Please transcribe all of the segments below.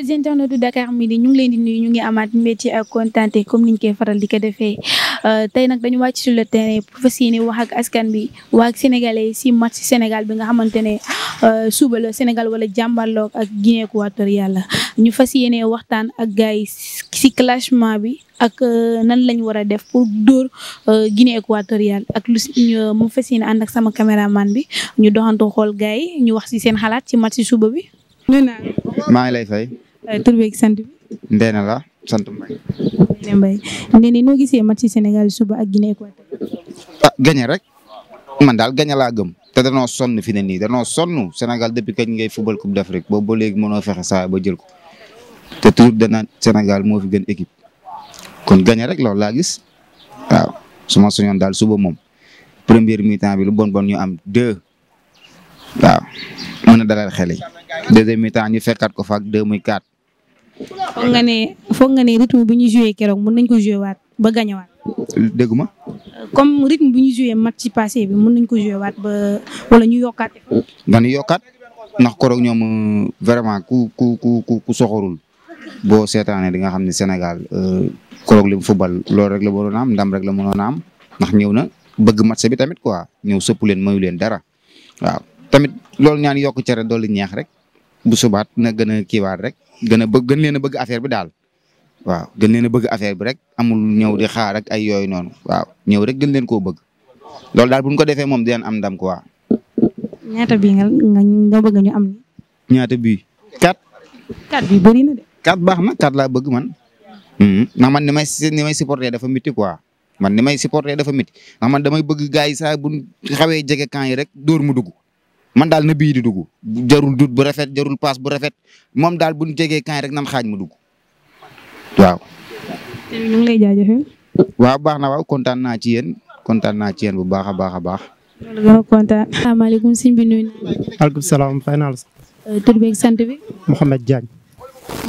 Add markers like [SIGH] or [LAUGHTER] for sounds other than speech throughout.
les internautes du Dakar Midi ñu ngi leen di nuyu ñu ngi amaat métier ak contenté comme niñ koy faral di ko defee euh, tey nag dañu wàcc sur le terrain pour fas yéene wax ak askan bi waa sénégalais si match Sénégal bi nga xamante ne euh, suba la Sénégal wala jàmbarloog ak Guinée équatoriale la ñu fas yéene waxtaan ak gars yi si classement bi ak euh, nan lañ war a def pour dóor Guinée équatoriale ak lu mu fas yéene ànd ak sama caméraman bi ñu doxantoo xool gars yi ñu wax si seen xalaat ci match si suba bi. maa lay fay. Euh, tur beeg sant bi. la sant Mbaye. Ndeena gisee match ci Sénégal suba ak Guinée Équatoriale. ah daal gagné laa gëm. te danoo sonn fi ne nii danoo sonn Sénégal depuis kañ ngay football coupe d'Afrique ba léegi mënoo fexe saa ba jël te toujours dana Sénégal moo fi gën équipe kon gagné rek loolu laa gis waaw su ma soñoon daal suba moom première mi-temps bi lu bon ñu am deux waaw mën a dalal xel temps ñu fekkaat ko faak deux muy quatre. foog nga ne foog nga ne rythme bu ñu joué keroog mën nañ ko joué waat ba gañewaat. déggu ma. comme rythme bu ñu joué match ci passé bi mën nañ ko joué waat ba wala ñu yokkaat. nga ni yokkaat ndax koroog ñoom euh, vraiment ku ku ku ku soxorul boo seetaanee di nga xam ne Sénégal euh, koroog lim fubal loolu rek la mënoon a ndam rek la mënoon a ndax ñëw na bëgg match bi tamit quoi ñow sëpp leen mayu leen dara waaw tamit loolu ñaan yokk cere dool ñeex rek. bu subaat na gën a rek gën a bëgg leen bëgg affaire bi daal waaw gën leen a bëgg affaire bi rek amul ñëw di xaar rek ay yooyu noonu waaw ñëw rek gën leen koo bëgg loolu daal bu ñu ko defee moom di am ndam quoi. ñaata bii nga bëgg ñu am. ñaata bi bëri na de. quatre baax na quatre la bëgg man. Hmm. ndax man ni may ni may supporter dafa métti man ni may supporter dafa métti ndax man damay bëgg gars yi saa bu xawee jege camp yi rek door mu dugg. man daal na bii di dugg jarul dut bu rafet jarul paas bu rafet moom daal bu ñu jegee kañ rek nan xaaj mu dugg waaw. ñu ngi lay jaajëfal. waaw baax na waaw kontaan naa ci yéen kontaan naa ci yéen bu baax a baax a baax. loolu nga kontaan. asalaamaaleykum sëñ bi nuyu na. maaleykum salaam fay naa la sax. Euh, tur beeg sant bi. Mouhamed Diagne.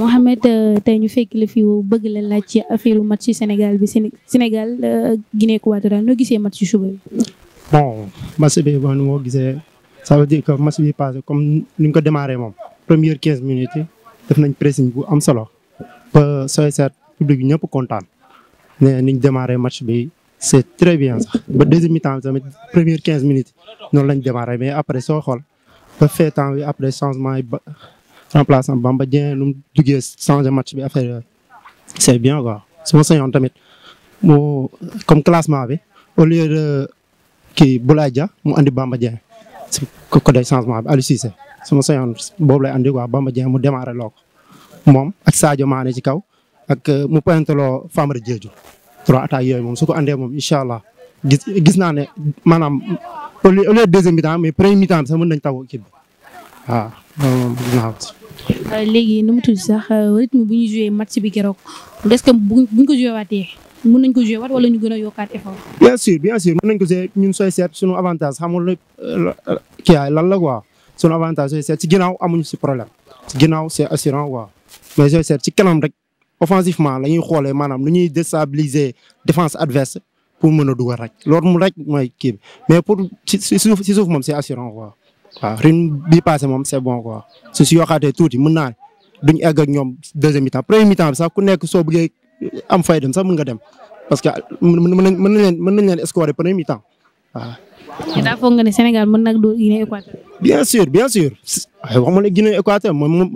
Mouhamed euh, tey ñu fekk la fi bëgg la laaj ci affaire match ci Sénégal bi Sénégal euh, Guinée Équatoriale noo gisee match ci suba bi. ça veut dire que match bi passé comme ni ñu ko démarré moom première 15 minutes def nañ pressing bu am solo ba sooy seet public bi ñëpp kontaan mais ni ñu démarré match bi c' est très bien sax ba deuxième mi-temps tamit première 15 minutes noonu lañ démarré mais après soo xool ba fee temps bi après changement yi ba remplaçant Bamba Dieng nu mu duggee changé match bi affaire yooyu c' bien quoi su ma sañoon tamit mu comme classement bi au lieu de kii Boulaye mu indi Bamba Dieng si côté changement bi Aliou Cissé su ma sañoon boobu lay andi quoi Bamba Dieng mu démarré loo ko moom ak Sadio Mané ci kaw ak euh, mu pointeloo Famara Diédhiou trois attaques yooyu moom su ko andee moom incha allah gis gis naa ne maanaam au lieu deuxième mi-temps mais premier mi-temps bi sax mën nañ taw équipe bi waaw moom euh, léegi nu mu sax euh, rythme bu ñu joué match bi keroog buñ ko joué waatee mën nañ ko jouer waat wala ñu gën a yokkaat effort. bien sûr bien sûr mën nañ ko jouer ñun sooy seet suñu avantage xamul euh, kii lan la quoi suñu avantage sooy seet si ginnaaw amuñu si problème si ginnaaw c'est assurant quoi mais sooy seet si kanam rek offensivement la ñuy xoolee maanaam lu ñuy déstabiliser défense adverse pour mën a dugal rek loolu mu rek mooy kii bi mais pour si si suuf si suuf moom c'est assurant quoi. waaw rythme bi passé moom c'est bon quoi su si yokkaatee tuuti mën naa duñ egg ak ñoom deuxième mi-temps premier am fay dem sax mën nga dem parce que mën nañ leen mën nañ leen escorer premier mi-temps foog nga ne Sénégal mën nag doo Guinée Équatoriale. bien sûr bien sûr waxuma la Guinée Équatoriale moom moo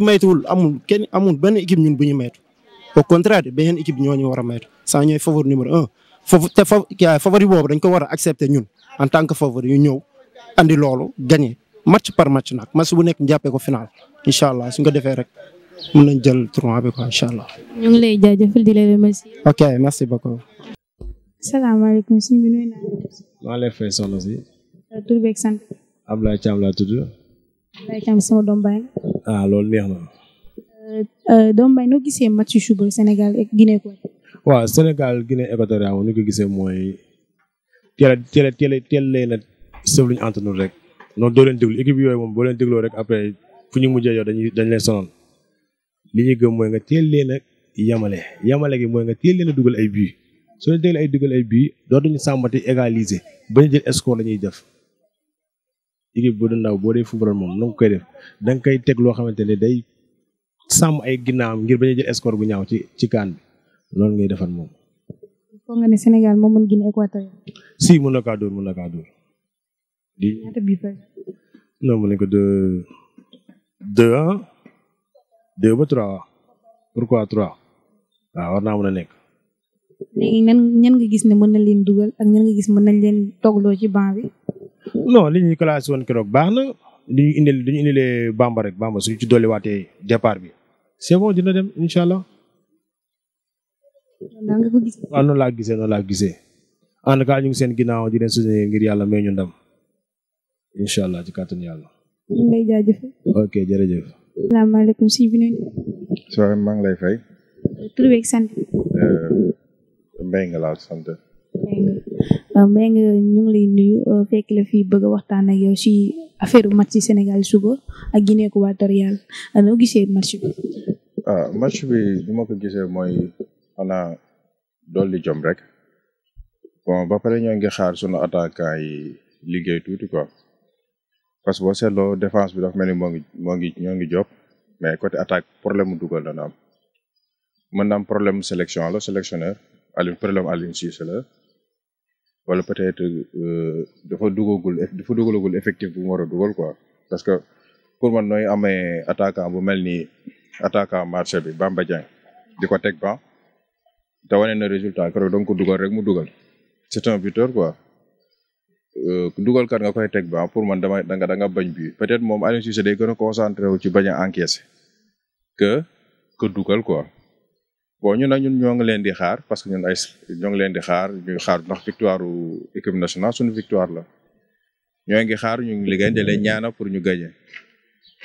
bu ñu maytu au contraire beneen équipe ñoo ñu war a maytu sans ñooy favori boobu dañ ko war a accepter ñun en tant favori yu ñëw loolu gagné. match par match nag match bu nekk ñu jàppee ko final incha allah suñ ko defee rek mën nañ jël tournoi bi quoi incha allah. ñu ngi lay di la remercier. ok merci beaucoup. salaamaaleykum sëñ bi nuyu naa la. maa lay fay soxna si. tur beeg sant. Abdoulaye Thiam laa tudd. Abdoulaye Thiam sama doomu baay. ah loolu neex na. doomu baay noo gisee match suba Sénégal gi Guinée quoi. waaw Sénégal Guinée Équatoriale ni ko gisee mooy teel a teel a teel a teel leen rek. donc doo leen déglu équipe yooyu moom boo leen dégloo rek après fu ñu mujjee yow dañuy dañ leen sonal li ñuy gëm mooy nga teel leen a yamale yamale gi mooy nga teel leen a dugal ay buts soo leen teelee ay dugal ay buts égaliser bañ jël la ñuy def équipe bu ndaw boo dee football moom na nga koy def da nga koy teg loo xamante ne day sàmm ay ginnaawam ngir bañ jël score bu ñaaw ci ci kaan bi loolu ngay defar moom. foog nga mën na kaa dóor mun na kaa dóor. di non mu ne deux deux deux ba trois pourquoi trois waaw ah, war naa mën a nekk. léegi nan ñan gis ne mën na leen dugal ak ñan nga gis mën nañ leen toogloo ci banc bi. non li ñuy classé woon keroog baax na li indil li ñu indilee bamba rek bamba suñu ci dolliwaatee départ bi c'est bon dina dem incha allah. waaw ah, noonu laa gisee noonu laa gisee en tout cas ñu ngi seen ginnaaw di leen soutenir ngir yàlla may ñu incha allah ci kàttan yàlla. ñu ngi lay jaajëfal. ok jërëjëf. maa ngi lay fay. tur beeg sant. Euh, mbéy nga laa sant. mbéy euh, nga ñu lay nuyu euh, fekk la fii bëgg a waxtaan ak yow si affaire match Sénégal suba ak Guinée équatoriale noo gisee match bi. ah match bi li ma ko gisee mooy xanaa dolli jom rek bon ba pare ñoo ngi xaar sunu attaquant yi liggéey tuuti quoi. parce que boo seetloo défense bi dafa mel ni moo ngi moo ngi ñoo ngi jóg mais côté attaque problème mu dugal dana am mën na am problème mu sélection la sélectionneur Aliou problème Aliou Cissé la wala peut-être euh, dafa dugagul dafa dugalagul effectif bu mu war a dugal quoi parce que pour man nooy amee attaquant bu mel ni attaquant marché bi Bamba Dieng di ko teg ba te wane résultat keroog da nga ko dugal rek mu dugal c'est un buteur quoi. Euh, dugal dugalkat nga koy teg ba pour man dama danga da nga bañ bi peut être moom Aliou Cissé day gën concentré wu ci bañ a encaissé que que dugal quoi bon ñun nag ñun ñoo ngi leen di xaar parce que ñun ay ñoo ngi leen di xaar ñuy xaar ndax victoire u équipe nationale suñu victoire la ñoo ngi xaar ñu ngi liggéey di ñaana pour ñu gagné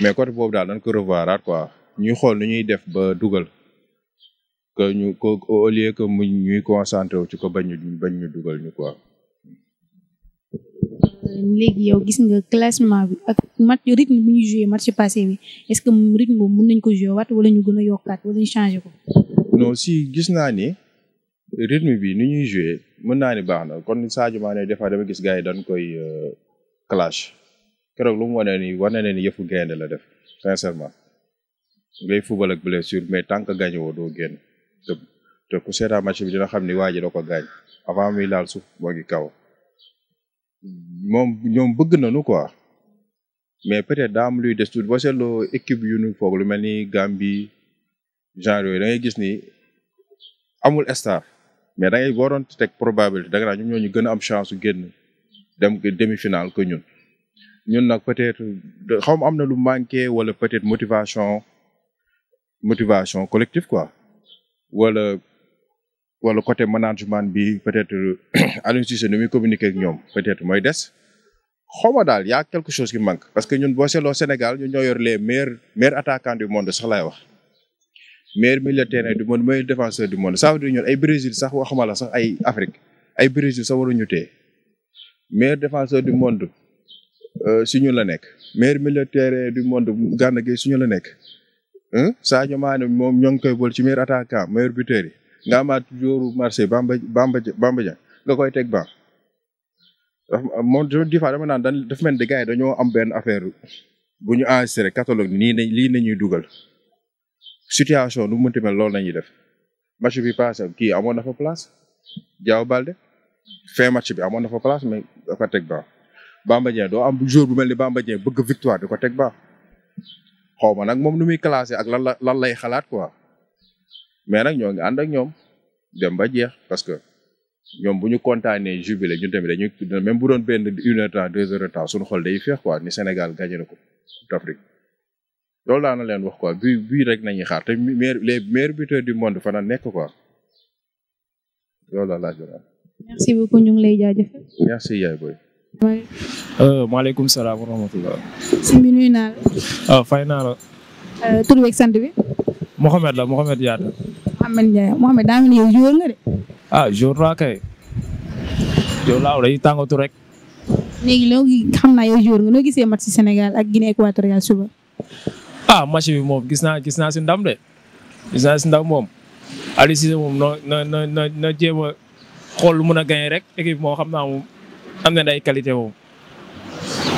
mais côté boobu daal dañ ko revoiraat quoi ñuy xool nu ñuy def ba dugal que ñu ko au lieu que mu ñuy concentré wu ci ko bañ ñu bañ ñu dugal ñu quoi léegi yow gis nga classement bi ak match rythme bi ñu joué match passé bi est-ce que rythme boobu ko joué waat wala ñu gën a yokkaat wala ñu changé ko. non si gis naa ni rythme bi ni ñuy joué mën naa ni baax na kon Sadio Mané defa fois dama gis gars yi dañ koy euh, clash keroog lu mu wane ni war na ne gaynde la def sincèrement ngay football ak blessure mais tant que gaañu woo do génn te te ku seetaan match bi dina xam ni waa ji da ko gaañ avant muy laal suuf moo ngi kaw. moom ñoom bëgg nañu quoi mais peut-être daa am luy des tuuti boo seetloo équipe yu nu foog lu mel ni Gambie genre yooyu da ngay gis ni amul star mais da ngay boo doon teg probabilité da nga naan ñoom ñoo ñu gën a am chance su génn dem demi-finale que ñun. ñun nag peut-être am na lu manqué wala peut-être motivation motivation collective quoi wala. wala côté management bi peut-être [CLEARS THROAT] Aliou Cissé nu muy communiquer ak ñoom peut-être mooy des xaw ma daal y'a quelque chose qui manque parce que ñun boo seetloo Sénégal ñun ñoo yor les meilleurs meilleurs attaquants du monde sax laay wax maire milieu terrain du monde meilleur défenseur du monde ça veut dire ñun ay Brésil sax waxuma la sax ay Afrique ay Brésil sax waruñu tee meilleur défenseur du monde euh, si ñun la nekk maire milieu de terrain du monde Gana Gueye si ñun la nekk Sadio Mané moom ñoo ngi koy bool ci meilleur attaquant maire buteur yi nga amaat jooru marché Bamba Bamba Bamba Dieng nga koy teg baax moom des fois dama naan dañ dafa mel ni gars yi dañoo am benn affaire bu ñu enregistré catalogue nii nañ lii nañuy dugal situation nu mu mënti mel loolu nañuy def match bi passé kii amoon na fa place Diao Balde fin match bi amoon na fa place mais da ko teg baax Bamba Dieng doo am jour bu mel ni Bamba Dieng bëgg victoire di ko teg baax xaw nag moom nu muy classé ak lan lan lay xalaat quoi mais nag ñoo ngi ànd ak ñoom dem ba jeex parce que ñoom bu ñu kontaanee jubilé ñun tamit dañuy même bu doon benn une heure temps deux heures de temps suñu feex quoi ni Sénégal gagné na ko Coupe d'Afrique loolu daana leen wax quoi bi bii rek nañuy xaar te meilleur les meilleurs buteurs du monde fana nekk quoi loolu laa laaj merci beaucoup ñu lay jaajëfal. merci yaay boy. Euh, maaleykum salaam wa rahmatulah. Ah, fay naa la. Euh, tur beeg Mohamed la Mohamed Yatta. Mohamed Ndiaye Mohamed daa mel ni yow nga de. ah joueur laa kay. joueur laa day tàngatu rek. léegi loo xam naa yow joueur nga loo gisee match si senegal ak Guinée Équatoriale suba. ah match moom gis naa gis naa si ndam de gis naa si ndam moom. Aliou Cissé moom na na na a xool lu mun a gagné rek équipe moo xam naa moom am na ay qualité moom.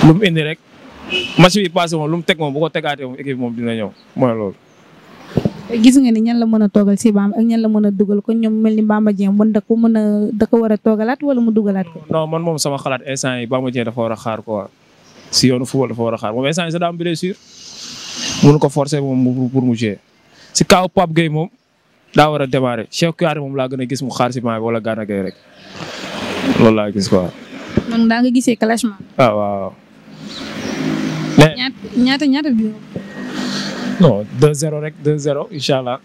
lu mu rek match bi passé moom lu mu teg moom bu ko tegaatee moom équipe moom dina ñëw mooy loolu. gis nga ni ñan la mën a toogal si Bamba ak ñan la mën a dugal ko ñoom mel ni Bamba Dieng mën da a da ko war a toogalaat wala mu dugalaat ko. man moom sama xalaat instant yi Bamba Dieng dafa war a xaar quoi si yoonu football a xaar moom instant yi sa daa am blessure mënu ko forcer moom mu jouer si kaw Pape Gueye moom daa war a démarrer Cheikh Kouyaté moom laa gën a gis mu xaar si Bamba wala Gana Gueye rek loolu laa gis quoi. man daa nga gisee classement. ah waaw. non 2-0 rek 2-0 incha allah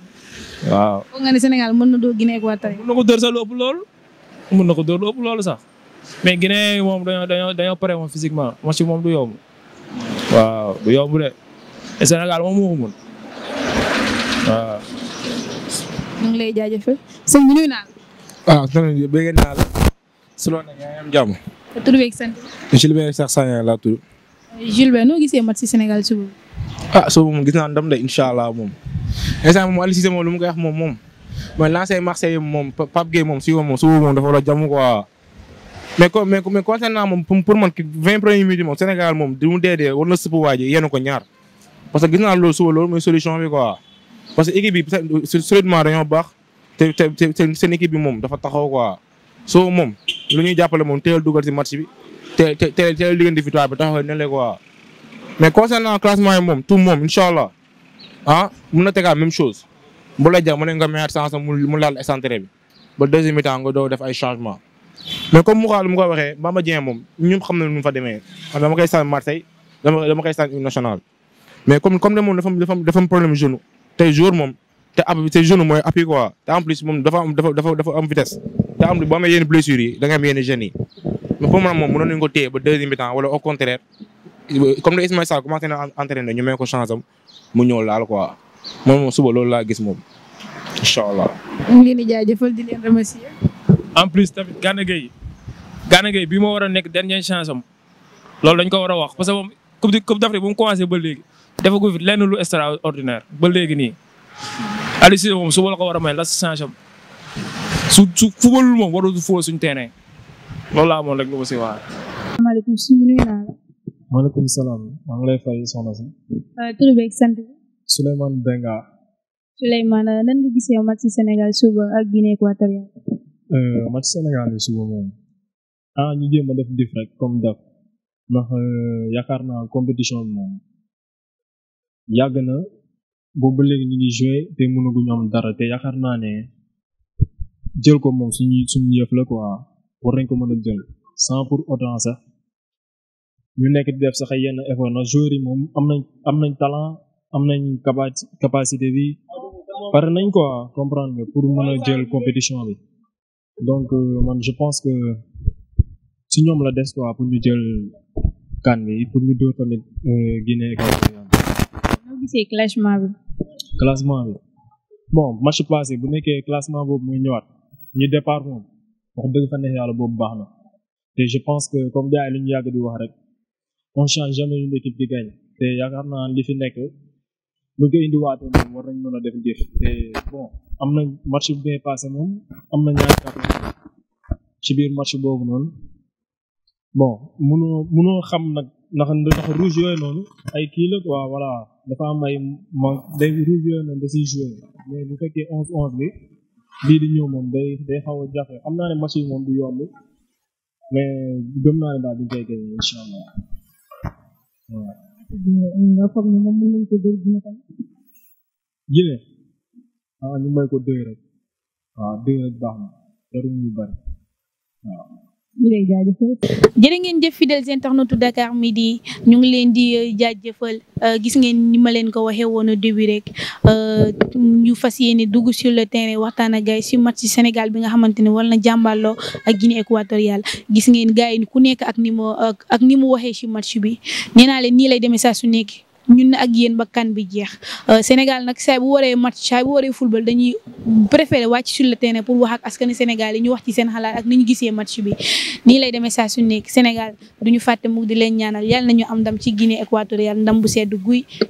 waaw. foog nga ne Sénégal mën na dóor Guinée Équatoriale. na ko dóor sax lu ëpp loolu. mën na ko dóor lu ëpp loolu sax mais Guinée moom dañoo dañoo dañoo pare moom physiquement match moom du yomb. waaw du yomb de Sénégal moom moo waaw. ñu ngi lay jaajëfal sëñ bi nuyu naa la. waaw ah, sëñ bi naa la. loolu nag yaa ngi am jàmm. tur beeg sax Sagna laa tudd. Jules noo gisee match si Sénégal suba. ah soo moom gis naa ndam de incha allah moom instant moom Aliou Cissé moom lu mu koy moom moom mooy lancer Marseille moom Pape moom suba moom dafa war a jàmm quoi. mais mais moom pour man vingt premières minutes moom moom du mu dee war na sëpp waaj yéen ko ñaar parce que gis naa loolu suba loolu mooy solution bi quoi. parce que équipe bi euh, solidement dañoo baax te te seen équipe bi moom dafa taxaw quoi soo moom lu ñuy jàppale moom teel dugal si match bi te te teel liggéeyu victoire bi taxaw ne le quoi. mais concernant classement yi moom tout moom incha allah ah mun na tegaat même chose bu la jax mu ne nga meilleur sens mu laal excentré ba deuxième mi-temps nga doo ay changement mais comme mu xaal mu ko waxee ma Dieng moom ñun xam na nu mu fa demee dama koy sànni Marseille dama dama koy sànni national mais comme comme ne moom dafa dafa dafa am problème genou tey jour moom te ab te genou mooy appui quoi te en plus moom dafa am dafa dafa am vitesse te am boo amee yenn blessures yi da nga am yenn gêne yi mais pour ba deuxième mi-temps wala comme ni Ismaïla Sarr commencé na ñu may ko chance am mu ñëw laal quoi moom moom suba loolu laa gis moom incha allah. ñu ngi leen di jaajëfal di leen remercier. en plus tamit Gana Gueye Gana Gueye bii moo war a nekk dernier chance am loolu dañ ko war a wax parce que moom coupe du coupe d'Afrique bu mu ba léegi dafa ko fi lenn lu extraordinaire ba léegi nii. Aliou moom suba la ko war a may la chance su su fubalul moom warul fubal suñu terrain loolu laa amoon rek lu ma si wax. maaleykum salaam maa ngi lay fay soxna si. Euh, tur beeg sant Benga. Souleymane nan nga gisee match suba ak Guinée Équatoriale. Euh, match suba moom ah ñu jéem a def dif rek comme daf ndax euh, yaakaar compétition bi moom yàgg na boobu léegi ñu ngi joué te dara te yaakaar naa ne jël ko moom suñu suñu yëf la quoi war nañ ko mën a jël sans pour autant sax. ñu nekk di def sax ay yenn effort na joueurs yi moom am nañ am nañ talent am nañ capacité bi pare nañ quoi comprendre nga pour mën a jël compétition bi donc euh, man je pense que si ñoom la des quoi pour ñu jël kan bi pour ñu dóor tamit euh, Guinée Équatoriale. noo gisee classement bi. classement bi bon match passé bu nekkee classement boobu muy ñëwaat ñu départ moom wax dëgg fa neex yàlla boobu baax na te je pense que comme gars yi lu ñu yàgg di wax rek. on change jamais une équipe di gagné te yaakaar naa li fi nekk bu ko indiwaatee moom war nañ mën a def jëf te bon am na match bi bay passé moom am na biir match boobu noonu bon munoo munoo xam nag ndax ndax rouge yooyu noonu ay kii la quoi voilà dafa am ay manque day rouge yooyu noonu da siy joué mais bu fekkee onze onze bi bii di ñëw moom day day xaw a jafe am naa ne match moom du yomb mais naa ne daal di koy gagné incha nga foog ne moom mën nañ ko dóor dina tamit jine ah ñu may ko dóor rek waaw ah, dóor baax na jarul ñu bari waaw ah. jërë ngeen jëf fidèles internautes Dakar Midi ñu ngi leen di euh, jëfal euh, gis ngeen ni ma leen ko waxee woon au début rek euh, ñu fas yéene dugg sur le terrain waxtaan ak gars si match si Sénégal bi nga xamante ne war na jàmbaloo ak Guinée équatoriale gis ngeen gars yi ku nekk ak ni mu ak ni mu waxee si match bi nee naa leen nii lay demee saa su nekk. ñun ak yéen ba kan bi jeex euh, Sénégal nag saa bu waree match saa bu waree football dañuy préféré wàcc sur le terrain pour wax ak askani Sénégal yi ñu wax ci seen xalaat ak ni ñu gisee match bi. nii lay demee saa su nekk Sénégal duñu fàtte mu di leen ñaanal yàlla nañu am ndam ci Guinée équatoriale ndam bu sedd guy